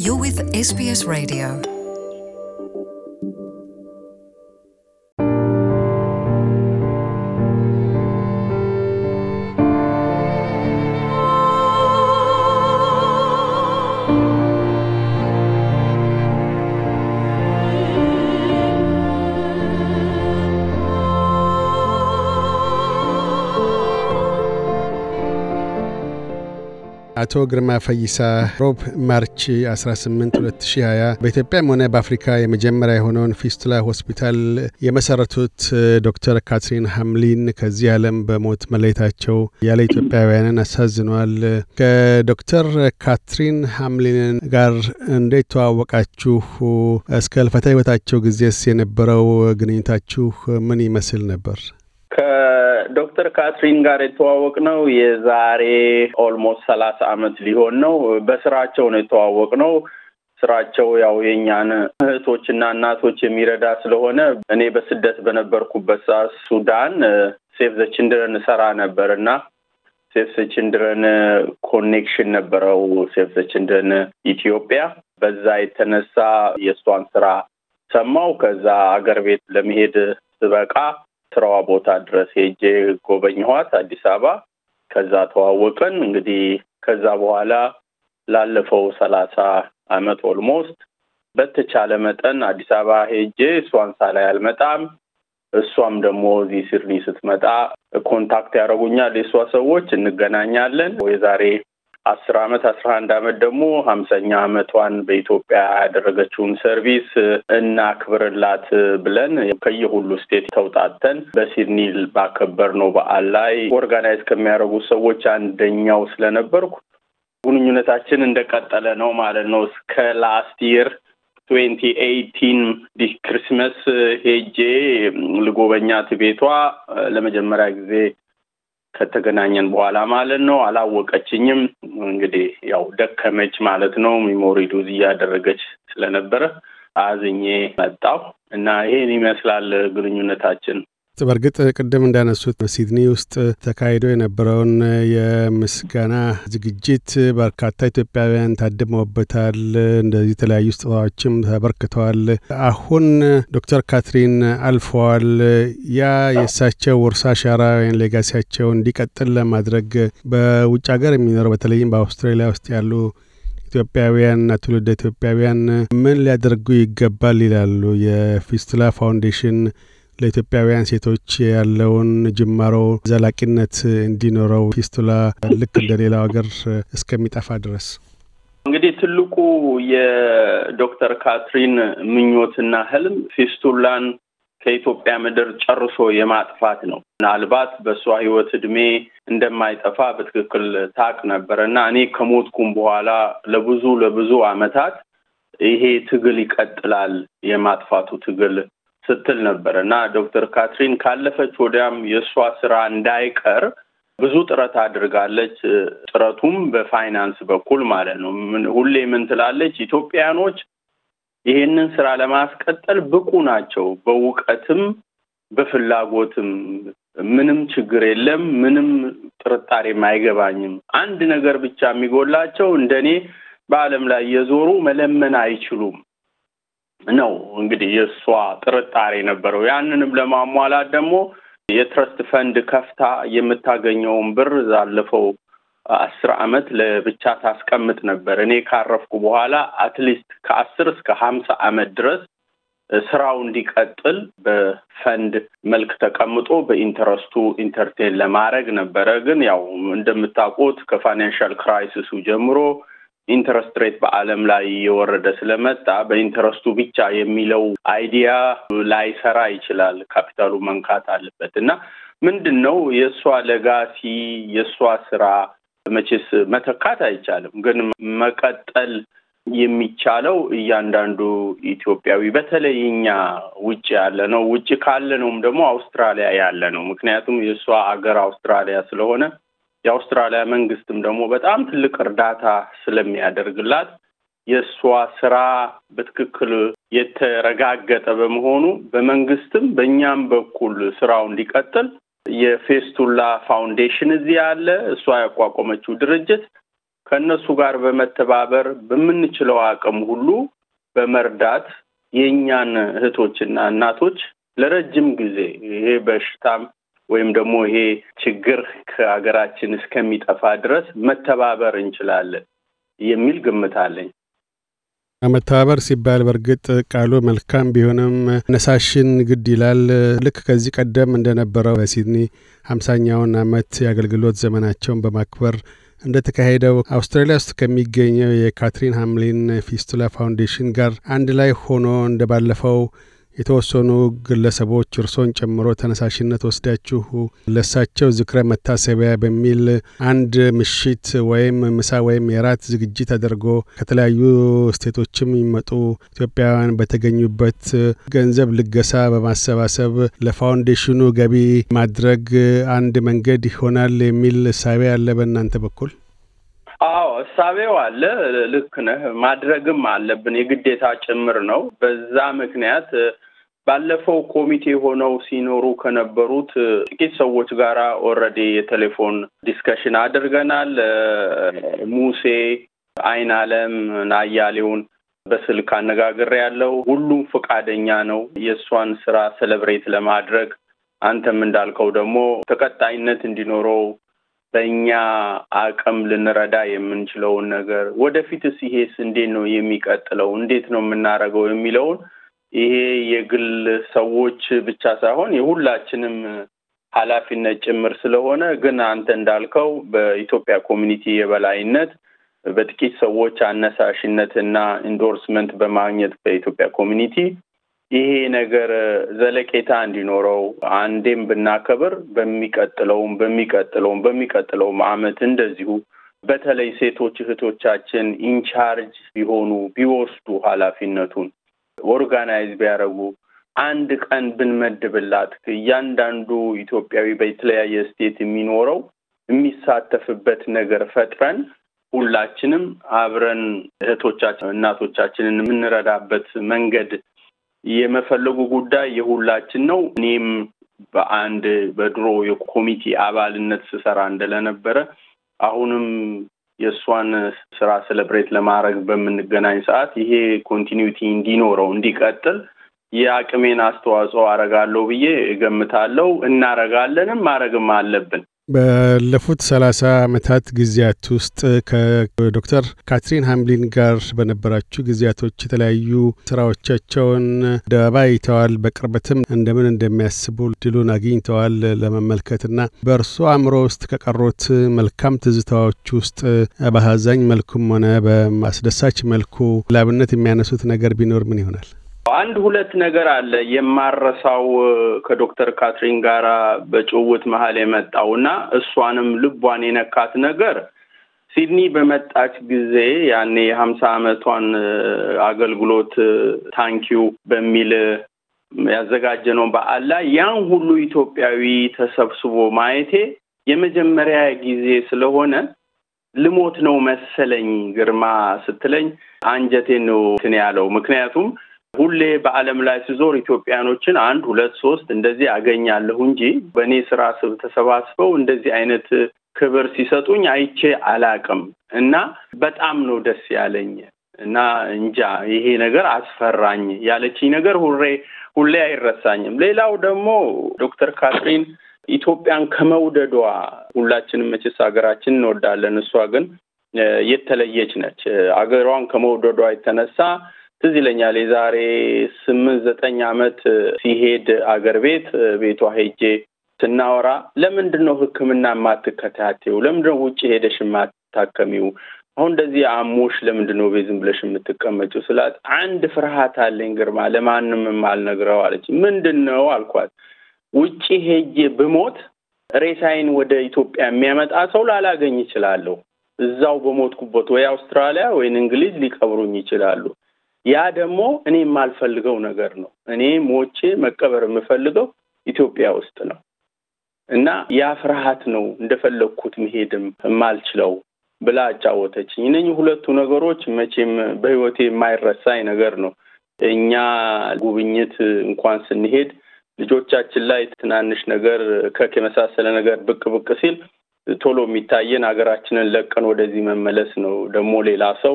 You're with SBS Radio. አቶ ግርማ ፈይሳ ሮብ ማርች 18 2020 በኢትዮጵያም ሆነ በአፍሪካ የመጀመሪያ የሆነውን ፊስቱላ ሆስፒታል የመሰረቱት ዶክተር ካትሪን ሀምሊን ከዚህ ዓለም በሞት መለየታቸው ያለ ኢትዮጵያውያንን አሳዝኗል። ከዶክተር ካትሪን ሀምሊን ጋር እንዴት ተዋወቃችሁ? እስከ ህልፈተ ህይወታቸው ጊዜስ የነበረው ግንኙታችሁ ምን ይመስል ነበር? ዶክተር ካትሪን ጋር የተዋወቅ ነው የዛሬ ኦልሞስት ሰላሳ አመት ሊሆን ነው። በስራቸው ነው የተዋወቅ ነው። ስራቸው ያው የእኛን እህቶችና እናቶች የሚረዳ ስለሆነ እኔ በስደት በነበርኩበት ሰዓት ሱዳን ሴፍ ዘ ችልድረን ሰራ ነበር እና ሴፍ ዘ ኮኔክሽን ነበረው ሴፍ ዘ ኢትዮጵያ። በዛ የተነሳ የእሷን ስራ ሰማው። ከዛ አገር ቤት ለመሄድ ስበቃ ስራዋ ቦታ ድረስ ሄጄ ጎበኘኋት አዲስ አበባ። ከዛ ተዋወቅን። እንግዲህ ከዛ በኋላ ላለፈው ሰላሳ አመት ኦልሞስት በተቻለ መጠን አዲስ አበባ ሄጄ እሷን ሳላይ አልመጣም። እሷም ደግሞ እዚህ ሲድኒ ስትመጣ ኮንታክት ያደረጉኛል የእሷ ሰዎች፣ እንገናኛለን። የዛሬ አስር አመት አስራ አንድ አመት ደግሞ ሀምሳኛ አመቷን በኢትዮጵያ ያደረገችውን ሰርቪስ እናክብርላት ብለን ከየሁሉ ስቴት ተውጣተን በሲድኒ ነው በዓል ላይ ኦርጋናይዝ ከሚያደርጉት ሰዎች አንደኛው ስለነበርኩ ግንኙነታችን እንደቀጠለ ነው ማለት ነው እስከ ላስት ይር ትዌንቲ ኤይቲን ዲስ ክሪስመስ ሄጄ ልጎበኛት ቤቷ ለመጀመሪያ ጊዜ ከተገናኘን በኋላ ማለት ነው። አላወቀችኝም። እንግዲህ ያው ደከመች ማለት ነው። ሚሞሪ ዱዝ እያደረገች ስለነበረ አዝኜ መጣሁ እና ይሄን ይመስላል ግንኙነታችን። በእርግጥ ቅድም እንዳነሱት ሲድኒ ውስጥ ተካሂዶ የነበረውን የምስጋና ዝግጅት በርካታ ኢትዮጵያውያን ታድመውበታል። እንደዚህ የተለያዩ ስጦታዎችም ተበርክተዋል። አሁን ዶክተር ካትሪን አልፈዋል። ያ የእሳቸው ውርሳ አሻራ ወይም ሌጋሲያቸው እንዲቀጥል ለማድረግ በውጭ ሀገር የሚኖሩ በተለይም በአውስትራሊያ ውስጥ ያሉ ኢትዮጵያውያንና ትውልደ ኢትዮጵያውያን ምን ሊያደርጉ ይገባል ይላሉ? የፊስቱላ ፋውንዴሽን ለኢትዮጵያውያን ሴቶች ያለውን ጅማሮ ዘላቂነት እንዲኖረው ፊስቱላ ልክ እንደ ሌላው ሀገር እስከሚጠፋ ድረስ? እንግዲህ ትልቁ የዶክተር ካትሪን ምኞትና ህልም ፊስቱላን ከኢትዮጵያ ምድር ጨርሶ የማጥፋት ነው። ምናልባት በእሷ ህይወት እድሜ እንደማይጠፋ በትክክል ታቅ ነበረ እና እኔ ከሞትኩም በኋላ ለብዙ ለብዙ አመታት ይሄ ትግል ይቀጥላል፣ የማጥፋቱ ትግል ስትል ነበር እና ዶክተር ካትሪን ካለፈች ወዲያም የእሷ ስራ እንዳይቀር ብዙ ጥረት አድርጋለች። ጥረቱም በፋይናንስ በኩል ማለት ነው። ሁሌ ምን ትላለች? ኢትዮጵያኖች ይሄንን ስራ ለማስቀጠል ብቁ ናቸው፣ በእውቀትም በፍላጎትም ምንም ችግር የለም፣ ምንም ጥርጣሬም አይገባኝም። አንድ ነገር ብቻ የሚጎላቸው እንደኔ በዓለም ላይ የዞሩ መለመን አይችሉም ነው እንግዲህ የእሷ ጥርጣሬ ነበረው። ያንንም ለማሟላት ደግሞ የትረስት ፈንድ ከፍታ የምታገኘውን ብር ዛለፈው አስር አመት ለብቻ ታስቀምጥ ነበር። እኔ ካረፍኩ በኋላ አትሊስት ከአስር እስከ ሀምሳ አመት ድረስ ስራው እንዲቀጥል በፈንድ መልክ ተቀምጦ በኢንተረስቱ ኢንተርቴን ለማድረግ ነበረ። ግን ያው እንደምታውቁት ከፋይናንሻል ክራይሲሱ ጀምሮ ኢንተረስት ሬት በዓለም ላይ እየወረደ ስለመጣ በኢንተረስቱ ብቻ የሚለው አይዲያ ላይሰራ ይችላል። ካፒታሉ መንካት አለበት እና ምንድን ነው የእሷ ለጋሲ የእሷ ስራ መቼስ መተካት አይቻልም፣ ግን መቀጠል የሚቻለው እያንዳንዱ ኢትዮጵያዊ በተለይ እኛ ውጭ ያለ ነው ውጭ ካለ ነውም ደግሞ አውስትራሊያ ያለ ነው። ምክንያቱም የእሷ አገር አውስትራሊያ ስለሆነ የአውስትራሊያ መንግስትም ደግሞ በጣም ትልቅ እርዳታ ስለሚያደርግላት የእሷ ስራ በትክክል የተረጋገጠ በመሆኑ በመንግስትም በእኛም በኩል ስራው እንዲቀጥል የፌስቱላ ፋውንዴሽን እዚህ አለ። እሷ ያቋቋመችው ድርጅት ከእነሱ ጋር በመተባበር በምንችለው አቅም ሁሉ በመርዳት የእኛን እህቶችና እናቶች ለረጅም ጊዜ ይሄ በሽታም ወይም ደግሞ ይሄ ችግር ከሀገራችን እስከሚጠፋ ድረስ መተባበር እንችላለን የሚል ግምት አለኝ። መተባበር ሲባል በእርግጥ ቃሉ መልካም ቢሆንም ነሳሽን ግድ ይላል። ልክ ከዚህ ቀደም እንደነበረው በሲድኒ ሀምሳኛውን ዓመት የአገልግሎት ዘመናቸውን በማክበር እንደተካሄደው አውስትራሊያ ውስጥ ከሚገኘው የካትሪን ሀምሊን ፊስቱላ ፋውንዴሽን ጋር አንድ ላይ ሆኖ እንደባለፈው የተወሰኑ ግለሰቦች እርሶን ጨምሮ ተነሳሽነት ወስዳችሁ ለሳቸው ዝክረ መታሰቢያ በሚል አንድ ምሽት ወይም ምሳ ወይም የራት ዝግጅት አድርጎ ከተለያዩ ስቴቶችም ይመጡ ኢትዮጵያውያን በተገኙበት ገንዘብ ልገሳ በማሰባሰብ ለፋውንዴሽኑ ገቢ ማድረግ አንድ መንገድ ይሆናል የሚል እሳቤ አለ በእናንተ በኩል? አዎ እሳቤው አለ። ልክ ነህ። ማድረግም አለብን የግዴታ ጭምር ነው። በዛ ምክንያት ባለፈው ኮሚቴ ሆነው ሲኖሩ ከነበሩት ጥቂት ሰዎች ጋር ኦልሬዲ የቴሌፎን ዲስከሽን አድርገናል። ሙሴ አይን አለም ናያሌውን በስልክ አነጋግር ያለው ሁሉም ፈቃደኛ ነው የእሷን ስራ ሰለብሬት ለማድረግ አንተም እንዳልከው ደግሞ ተቀጣይነት እንዲኖረው በእኛ አቅም ልንረዳ የምንችለውን ነገር ወደፊትስ ይሄስ እንዴት ነው የሚቀጥለው፣ እንዴት ነው የምናደርገው የሚለውን ይሄ የግል ሰዎች ብቻ ሳይሆን የሁላችንም ኃላፊነት ጭምር ስለሆነ ግን አንተ እንዳልከው በኢትዮጵያ ኮሚኒቲ የበላይነት በጥቂት ሰዎች አነሳሽነት እና ኢንዶርስመንት በማግኘት በኢትዮጵያ ኮሚኒቲ ይሄ ነገር ዘለቄታ እንዲኖረው አንዴም ብናከብር በሚቀጥለውም በሚቀጥለውም በሚቀጥለውም ዓመት እንደዚሁ በተለይ ሴቶች እህቶቻችን ኢንቻርጅ ቢሆኑ ቢወስዱ ኃላፊነቱን ኦርጋናይዝ ቢያደረጉ አንድ ቀን ብንመድብላት እያንዳንዱ ኢትዮጵያዊ በተለያየ ስቴት የሚኖረው የሚሳተፍበት ነገር ፈጥረን ሁላችንም አብረን እህቶቻችን እናቶቻችንን የምንረዳበት መንገድ የመፈለጉ ጉዳይ የሁላችን ነው። እኔም በአንድ በድሮ የኮሚቴ አባልነት ስሰራ እንደለነበረ አሁንም የእሷን ስራ ሴሌብሬት ለማድረግ በምንገናኝ ሰዓት ይሄ ኮንቲኒዊቲ እንዲኖረው እንዲቀጥል የአቅሜን አስተዋጽኦ አረጋለሁ ብዬ እገምታለሁ። እናረጋለንም ማድረግም አለብን። ባለፉት ሰላሳ ዓመታት ጊዜያት ውስጥ ከዶክተር ካትሪን ሀምሊን ጋር በነበራችሁ ጊዜያቶች የተለያዩ ስራዎቻቸውን ይተዋል። በቅርበትም እንደምን እንደሚያስቡ ድሉን አግኝተዋል ለመመልከትና በእርሶ አእምሮ ውስጥ ከቀሩት መልካም ትዝታዎች ውስጥ በአሳዛኝ መልኩም ሆነ በማስደሳች መልኩ ላብነት የሚያነሱት ነገር ቢኖር ምን ይሆናል? አንድ ሁለት ነገር አለ የማረሳው ከዶክተር ካትሪን ጋር በጭውውት መሀል የመጣው እና እሷንም ልቧን የነካት ነገር ሲድኒ በመጣች ጊዜ ያኔ የሀምሳ ዓመቷን አገልግሎት ታንኪው በሚል ያዘጋጀነው በዓል ላይ ያን ሁሉ ኢትዮጵያዊ ተሰብስቦ ማየቴ የመጀመሪያ ጊዜ ስለሆነ ልሞት ነው መሰለኝ ግርማ ስትለኝ አንጀቴን ነው ትን ያለው ምክንያቱም ሁሌ በዓለም ላይ ሲዞር ኢትዮጵያኖችን አንድ ሁለት ሶስት እንደዚህ አገኛለሁ እንጂ በእኔ ስራ ስብ ተሰባስበው እንደዚህ አይነት ክብር ሲሰጡኝ አይቼ አላቅም እና በጣም ነው ደስ ያለኝ እና እንጃ ይሄ ነገር አስፈራኝ ያለችኝ ነገር ሁሬ ሁሌ አይረሳኝም። ሌላው ደግሞ ዶክተር ካትሪን ኢትዮጵያን ከመውደዷ ሁላችንም መቼስ ሀገራችን እንወዳለን። እሷ ግን የተለየች ነች። አገሯን ከመውደዷ የተነሳ ትዝ ይለኛል የዛሬ ስምንት ዘጠኝ አመት ሲሄድ አገር ቤት ቤቷ ሄጄ ስናወራ ለምንድን ነው ህክምና የማትከታቴው ለምንድን ነው ውጭ ሄደሽ የማትታከሚው? አሁን እንደዚህ አሞሽ ለምንድን ነው ቤዝም ብለሽ የምትቀመጪው? ስላት አንድ ፍርሃት አለኝ ግርማ፣ ለማንም የማልነግረው አለች። ምንድን ነው አልኳት። ውጭ ሄጄ ብሞት ሬሳይን ወደ ኢትዮጵያ የሚያመጣ ሰው ላላገኝ ይችላለሁ። እዛው በሞትኩበት ወይ አውስትራሊያ ወይን እንግሊዝ ሊቀብሩኝ ይችላሉ። ያ ደግሞ እኔ የማልፈልገው ነገር ነው። እኔ ሞቼ መቀበር የምፈልገው ኢትዮጵያ ውስጥ ነው እና ያ ፍርሃት ነው እንደፈለግኩት መሄድም የማልችለው ብላ አጫወተችኝ። እነኝህ ሁለቱ ነገሮች መቼም በህይወቴ የማይረሳኝ ነገር ነው። እኛ ጉብኝት እንኳን ስንሄድ ልጆቻችን ላይ ትናንሽ ነገር ከክ የመሳሰለ ነገር ብቅ ብቅ ሲል ቶሎ የሚታየን ሀገራችንን ለቀን ወደዚህ መመለስ ነው። ደግሞ ሌላ ሰው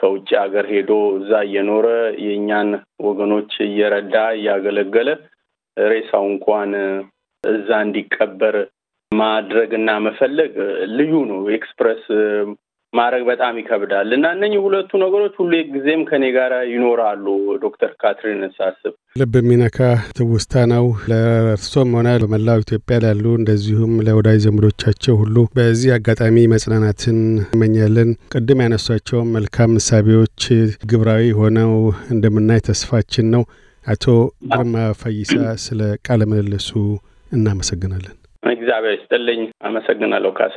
ከውጭ ሀገር ሄዶ እዛ እየኖረ የእኛን ወገኖች እየረዳ እያገለገለ ሬሳው እንኳን እዛ እንዲቀበር እና መፈለግ ልዩ ነው። ኤክስፕረስ ማድረግ በጣም ይከብዳል እና እነኚህ ሁለቱ ነገሮች ሁሉ ጊዜም ከኔ ጋር ይኖራሉ። ዶክተር ካትሪን ሳስብ ልብ የሚነካ ትውስታ ነው ለእርሶም ሆነ በመላው ኢትዮጵያ ላሉ እንደዚሁም ለወዳጅ ዘመዶቻቸው ሁሉ በዚህ አጋጣሚ መጽናናትን እመኛለን። ቅድም ያነሷቸውም መልካም ምሳቤዎች ግብራዊ ሆነው እንደምናይ ተስፋችን ነው። አቶ ግርማ ፈይሳ ስለ ቃለ ምልልሱ እናመሰግናለን። እግዚአብሔር ይስጥልኝ። አመሰግናለሁ ካሳ